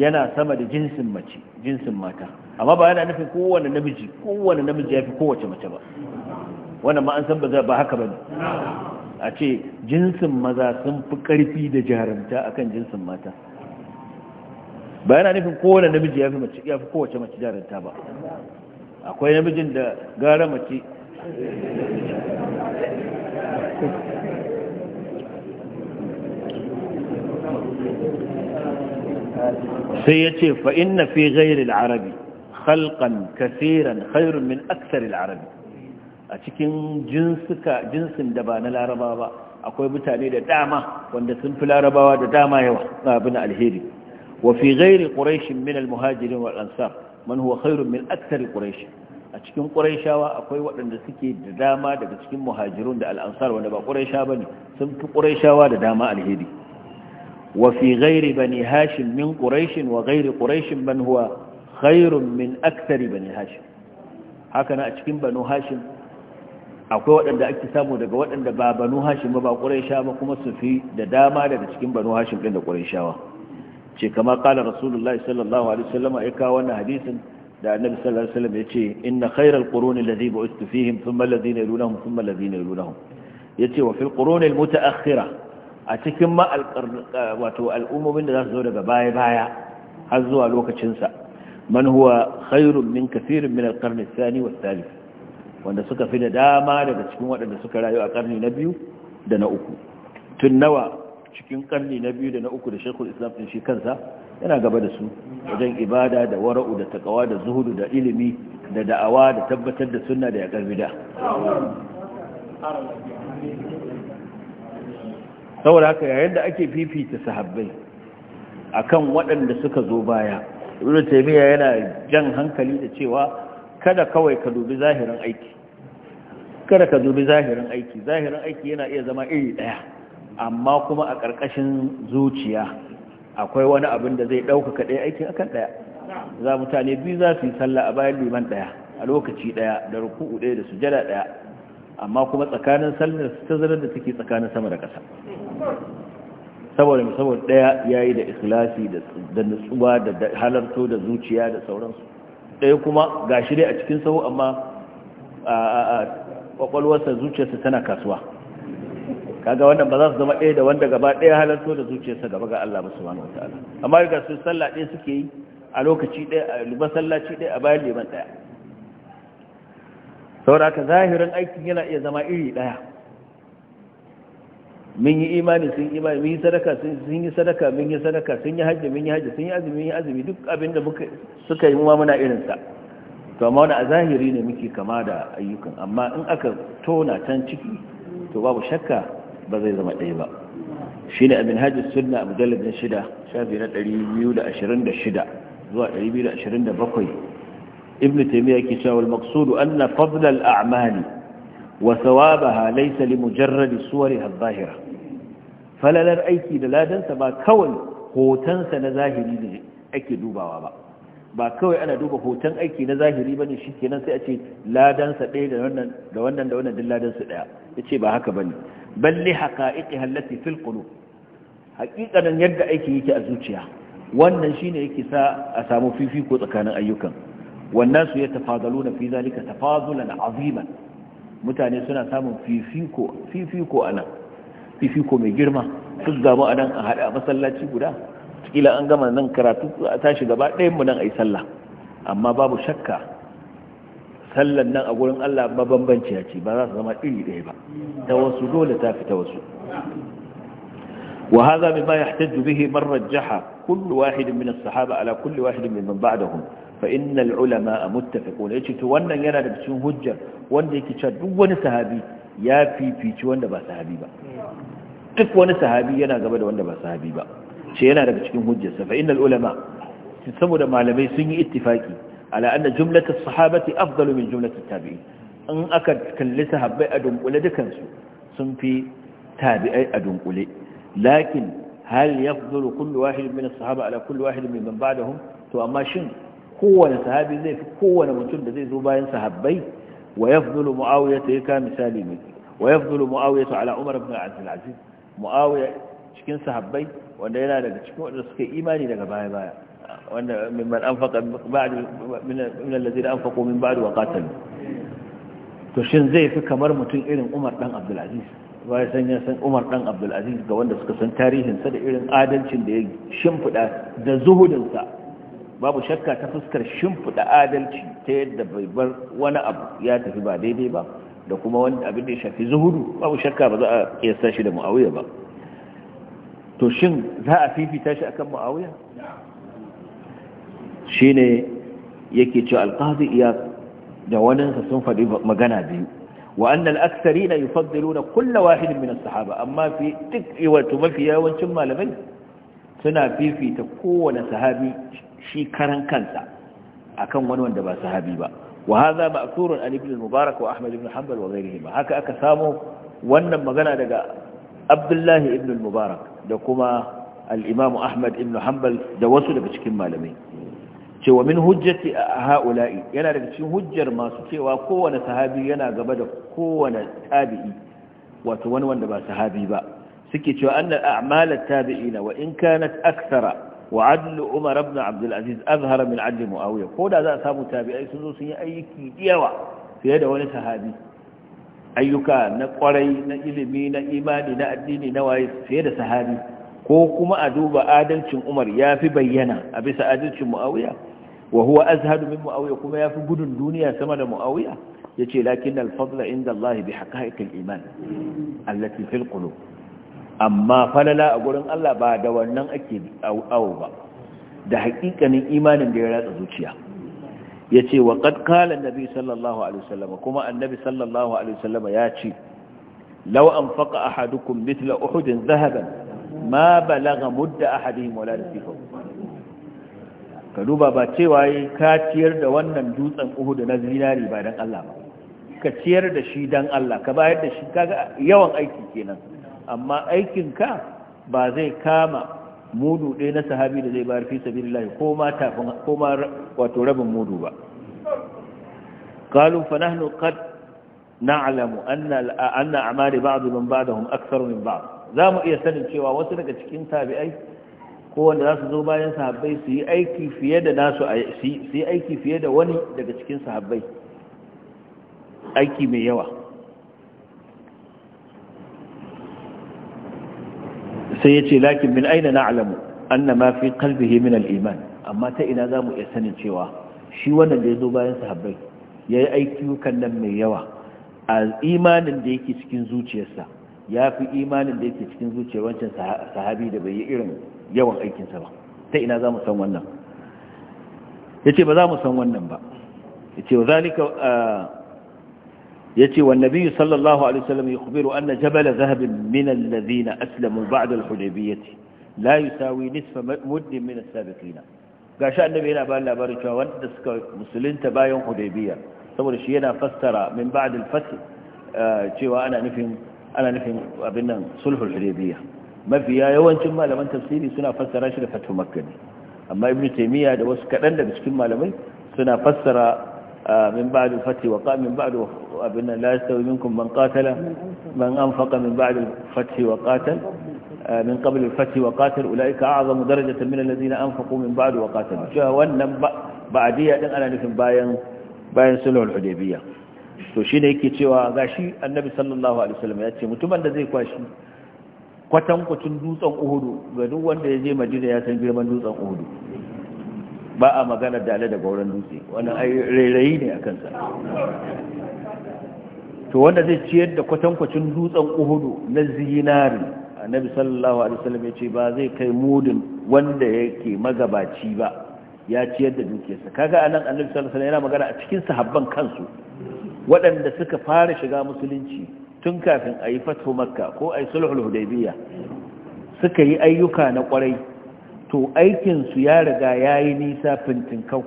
S1: yana sama da jinsin mace jinsin mata amma ba yana nufin kowane namiji kowane namiji ya fi kowace mace ba wannan ma an san ba haka ba
S2: ne
S1: a ce jinsin maza sun fi ƙarfi da jarumta akan jinsin mata ba yana nufin kowane namiji ya fi kowace mace jarumta ba akwai namijin da gara mace sai ya ce fa'in na fi gairil arabi khalqan kasiran khairun min aksaril arabi a cikin jinsin da ba na laraba ba akwai mutane da dama wanda sun fi larabawa da dama yawa abin alheri wa fi ghairi quraish min almuhajirin wal ansar man huwa khairun min akthar quraish a cikin quraishawa akwai waɗanda suke da dama daga cikin muhajirun da al ansar wanda ba ba ne. sun fi quraishawa da dama alheri wa fi ghairi bani hashim min quraish wa gairi quraish man huwa khairun min akthar bani hashim haka na a cikin banu hashim akwai waɗanda ake samu daga waɗanda ba banu hashim ba ba ƙuraisha ba kuma su fi da dama daga cikin banu hashim ɗin da ƙuraishawa ce kama kala rasulullahi sallallahu alaihi wasallam ya kawo wannan hadisin da annabi sallallahu alaihi wasallam ya ce inna khairal quruni alladhi bu'istu fihim thumma alladhina yalunahum thumma alladhina yalunahum yace wa fil quruni al mutaakhira a cikin ma wato al'ummomin da za su zo daga baya baya har zuwa lokacin sa man huwa khairun min kathirin min al qarni al thani wal thalith wanda suka fi da dama daga cikin waɗanda suka rayu a ƙarni na biyu da na uku tun nawa cikin ƙarni na biyu da na uku da shekul islam ɗin shi kansa yana gaba da su wajen ibada da wara'u da takawa da zuhudu da ilimi da da'awa da tabbatar da sunna da yaƙar da. saboda haka yayin da ake fifita sahabbai kan waɗanda suka zo baya ibnu taymiya yana jan hankali da cewa kada kawai ka dubi zahirin aiki kada ka dubi zahirin aiki zahirin aiki yana iya zama iri daya amma kuma a ƙarƙashin zuciya akwai wani abin da zai ɗaukaka ɗaya aikin akan ɗaya za mutane biyu za su yi sallah a bayan liman ɗaya a lokaci ɗaya da ruku'u ɗaya da sujada ɗaya amma kuma tsakanin sallar da take tsakanin sama da ƙasa saboda saboda ɗaya yayi da ikhlasi da nutsuwa da halarto da zuciya da sauransu ɗaya kuma ga shi dai a cikin sahu amma ƙwaƙwalwarsa zuciyarsa tana kasuwa kaga wannan ba za su zama ɗaya da wanda gaba ɗaya halarto da zuciyarsa gaba ga Allah ba wata ala amma ga su sallah ɗaya suke yi a lokaci ɗaya a sallaci ɗaya a bayan liman ɗaya saboda zahirin aikin yana iya zama iri ɗaya mun yi imani sun imani mun yi sadaka sun yi sadaka mun yi sadaka sun yi hajji mun yi hajji sun yi azumi mun yi azumi duk abin da suka yi ma muna irin sa to amma wani a zahiri ne muke kama da ayyukan amma in aka tona can ciki to babu shakka ba zai zama ɗaya ba shi ne abin hajji sunna a mujallabin shida shafi na ɗari biyu da da ashirin shida zuwa ɗari biyu da da ashirin bakwai. ibn taymiya ke cewa al-maqsudu anna fadl al Wasawa ba laysa li mujarradi suwariha adh falalar aiki da ladansa ba kawai hotonsa na zahiri ne ake dubawa ba ba kawai ana duba hoton aiki na zahiri bane shikenan sai a ce ladansa ɗaya da wannan da wannan da wannan din ladansa ɗaya yace ba haka bane balli haqa'iqiha allati fil qulub haƙiƙanin yadda aiki yake a zuciya wannan shine yake sa a samu fifiko tsakanin ayyukan wannan su ya tafadalu na fi zalika tafadulan aziman mutane suna samun fifiko fifiko anan fifiko mai girma Su gamu anan a hada masallaci guda kila an gama nan karatu a tashi gaba ɗayan mu nan ayi sallah amma babu shakka sallan nan a gurin Allah mabambanciya ce ba za su zama iri ɗaya ba ta wasu dole ta fita wasu وهذا مما يحتج به من رجح كل واحد من الصحابة على كل واحد من من بعدهم fa innal ulama muttafaqun yace to wannan yana da cikin hujjar wanda yake cewa duk wani sahabi ya fifici wanda ba sahabi ba duk wani sahabi yana gaba da wanda ba sahabi ba ce yana daga cikin hujjarsa fa innal ulama saboda malamai sun yi ittifaki ala anna jumlatu sahabati afdalu min jumlatu tabi'in in aka kalli sahabbai a dunkule dukan su sun fi tabi'ai a dunkule lakin hal yafdulu kullu wahid min as-sahaba ala kulli wahid min ba'dahum to amma shin kowane sahabi zai fi kowane mutum da zai zo bayan sahabbai wa yafdulu muawiya ta yaka misali mai wa yafdulu muawiya ta ala umar bin Abdulaziz, muawiya cikin sahabbai wanda yana daga cikin wanda suke imani daga baya baya wanda mimman anfaqa ba'd min alladhina anfaqu min ba'd wa qatalu to shin zai fi kamar mutum irin umar dan Abdulaziz, aziz ya san ya san umar dan Abdulaziz, ga wanda suka san tarihinsa da irin adalcin da ya shimfida da zuhudinsa babu shakka ta fuskar shimfiɗa adalci ta yadda bai bar wani abu ya tafi ba daidai ba da kuma wani abin da ya shafi zuhudu babu shakka ba za a kiyasta shi da mu'awiya ba to shin za a fifita shi akan Shi ne yake cewa alqazi iya da waninsa sun faɗi magana biyu wa annal aktharina na kulla wahidin min sahaba amma fi duk wato mafi yawancin malamai suna fifita kowane sahabi shi karan kansa akan wani wanda ba sahabi ba wa hadha ma'thurun an ibn al-mubarak wa ahmad ibn hanbal wa ghayrihim haka aka samu wannan magana daga abdullah ibn al-mubarak da kuma al-imam ahmad ibn hanbal da wasu daga cikin malamai cewa min hujjati haula'i yana daga cikin hujjar masu cewa kowane sahabi yana gaba da kowane tabi'i wato wani wanda ba sahabi ba suke cewa annal a'malat tabi'ina wa in kanat akthara wa adlu umar ibn abdul aziz azhara min adli muawiya ko da za a samu tabi'ai sun sun yi ayyuki diyawa fiye da wani sahabi ayyuka na kwarai na ilimi na imani na addini na waye fiye da sahabi ko kuma a duba adalcin umar ya fi bayyana a bisa adalcin muawiya wa huwa azhadu min muawiya kuma ya fi gudun duniya sama da muawiya yace lakin al-fadla inda Allah bi haqa'iqil iman allati fil qulub amma falala a gurin Allah ba da wannan ake awo ba da haƙiƙanin imanin da ya ratsa zuciya ya ce wa ƙad kala nabi sallallahu alaihi wasallama kuma annabi sallallahu alaihi wasallama ya ce lau an faƙa a hadukun mitla uhudin zahaban ma balaga mudda hadihin wala nasifa ka duba ba cewa yi ka ciyar da wannan dutsen uhudu na zinari ba Allah ba ka ciyar da shi dan Allah ka bayar da shi kaga yawan aiki kenan amma aikinka ba zai kama mudu ɗaya na sahabi da zai bayar fi sabilillahi ko mata ko wato rabin mudu ba qalu fa nahnu qad na'lamu anna anna a'mali ba'd min ba'dahum aktharu min ba'd za mu iya sanin cewa wasu daga cikin tabi'ai ko wanda za su zo bayan sahabbai su yi aiki fiye da nasu su yi aiki fiye da wani daga cikin sahabbai aiki mai yawa sai ya ce lakin min aina na alamu, annama fi kalbihi min al-iman amma ta ina zamu iya sanin cewa shi wannan da ya zo bayan sahabbai yi aiki nan mai yawa a imanin da yake cikin zuciyarsa ya fi imanin da yake cikin zuciyar wancan sahabi da bai yi irin yawan aikinsa ba ta ina za mu san wannan ya ce ba za mu san wannan ba ya ce wa zalika ah, yace wan nabi sallallahu alaihi wasallam yukhbiru anna jabal dhahab min alladhina aslamu ba'da al-hudaybiyah la yusawi nisfa mudd min as-sabiqin gashi annabi yana ba labarin cewa wanda suka musulunta bayan hudaybiyah saboda shi yana fassara min ba'd al eh, cewa ana nufin ana nufin abin nan sulhul hudaybiyah mafiya yawancin malaman tafsiri suna fassara shi da fatu amma ibn taymiya da wasu kaɗan da cikin malamai suna fassara من بعد الفتح وقام من بعد أبنا لا يستوي منكم من قاتل من أنفق من بعد الفتح وقاتل من قبل الفتح وقاتل أولئك أعظم درجة من الذين أنفقوا من بعد وقاتلوا جاوانا بعدية أنا نفهم باين باين سلوه الحديبية to shi ne yake cewa gashi annabi sallallahu alaihi wasallam ya ce mutumin da zai kwashi kwatankwacin dutsen uhudu ga duk wanda ya je madina ya san girman dutsen uhudu ba a magana dale da gauran dutse wannan ai rairayi ne a kansa to wanda zai ciyar da kwatankwacin dutsen uhudu na zinari annabi sallallahu alaihi wasallam ya ce ba zai kai mudin wanda yake magabaci ba ya ciyar da dukiyarsa kaga anan annabi sallallahu alaihi wasallam yana magana a cikin sahabban kansu waɗanda suka fara shiga musulunci tun kafin a yi fatho makka ko a yi sulhul hudaybiyya suka yi ayyuka na kwarai to aikinsu ya riga ya yi nisa fintinkau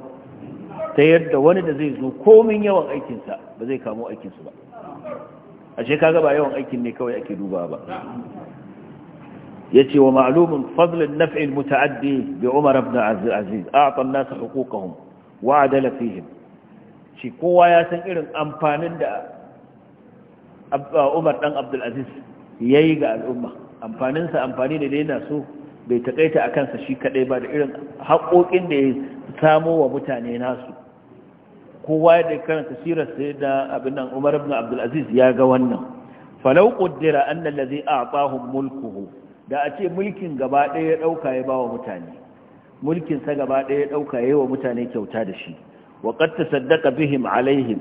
S1: ta yadda wani da zai zo komin yawan aikinsa ba zai kamo aikinsu ba a shekaga ba yawan aikin ne kawai ake duba ba ya ce wa ma'alumin fadlin naf'in muta'addi bi umar abu aziz a atan nasa hukukahun wa adala fihim shi kowa ya san irin amfanin da umar dan abdul aziz yi ga al'umma amfaninsa amfani ne da yana so bai taƙaita a kansa shi kaɗai ba da irin haƙoƙin da ya samo wa mutane nasu kowa da kan sirar sai da abin nan umar ibn abdulaziz ya ga wannan falau ƙuddira an lalazi a tsahun mulkuhu da a ce mulkin gaba ɗaya ya ɗauka ya ba wa mutane mulkinsa gaba ɗaya ya ɗauka ya wa mutane kyauta da shi wa ƙatta saddaka bihim alaihim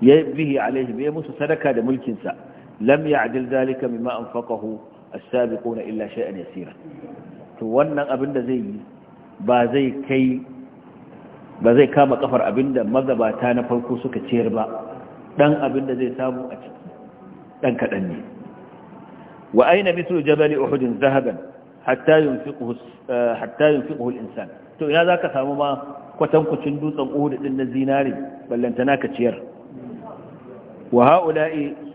S1: ya bihi alaihim ya musu sadaka da mulkinsa lam ya adil zalika mimma anfaqahu as-sabiquna illa shay'an yasira to wannan abin da zai yi ba zai kai ba zai kama kafar abin da magabata na farko suka ciyar ba dan abin da zai samu a ciki dan kadan ne wa aina mislu jabal uhud zahaban hatta yunfiquhu eh, hatta al-insan to ina zaka samu ma kwatankucin dutsen uhud din na zinare ballantana ka ciyar wa haula'i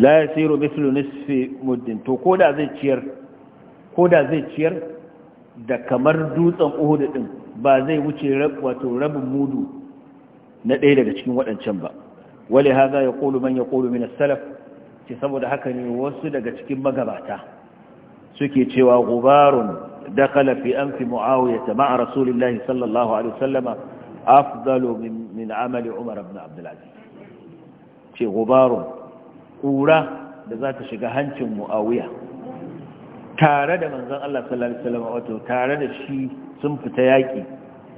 S1: la yasiru mithlu nisfi muddin to koda zai ciyar koda zai ciyar da kamar dutsen Uhud din ba zai wuce wato rabin mudu na ɗaya daga cikin waɗancan ba wale haza ya ƙolu man ya ƙolu min salaf ce saboda haka ne wasu daga cikin magabata suke cewa gubarun dakala fi anfi muawiyata ma'a rasulillahi sallallahu alaihi wasallama afdalu min amali umar ibn abdul aziz ce gubarun ƙura da za ta shiga hancin mu'awiya tare da manzan Allah sallallahu Alaihi wasallam wato tare da shi sun fita yaƙi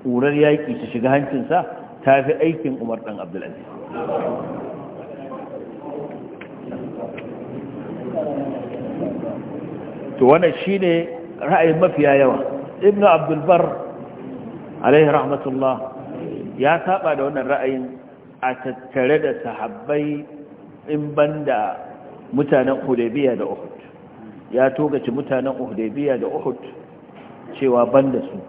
S1: ƙurar yaƙi ta shiga hancinsa ta fi aikin umar ɗan abdulaziz to wannan shi ne ra'ayin mafiya yawa ibn abdulbar alaihi rahmatullah ya saba da wannan ra'ayin a tattare da sahabbai in banda mutanen hudaybiya da uhud ya togace mutanen hudaybiya da uhud cewa banda su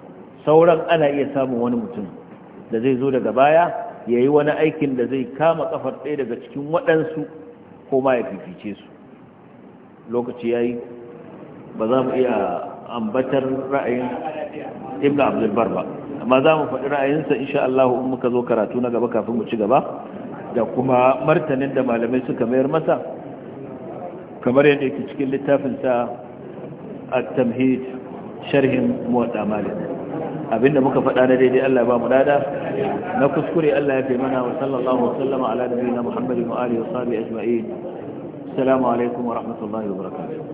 S1: sauran ana iya samun wani mutum da zai zo daga baya ya yi wani aikin da zai kama kafar ɗaya daga cikin waɗansu ko ma ya fifice su lokaci ya yi ba za mu iya ambatar ra'ayin ibn abdulbar ba amma za mu faɗi ra'ayinsa insha Allah in muka zo karatu na gaba kafin mu ci gaba da kuma martanin da malamai suka mayar masa kamar yadda yake cikin littafinsa a tamhid sharhin muwadda malik abinda muka faɗa na daidai Allah ba mu dada na kuskure Allah ya fi mana wa sallallahu wa sallama ala nabiyina Muhammadin wa alihi wa sahbihi ajma'in assalamu alaikum wa rahmatullahi wa barakatuh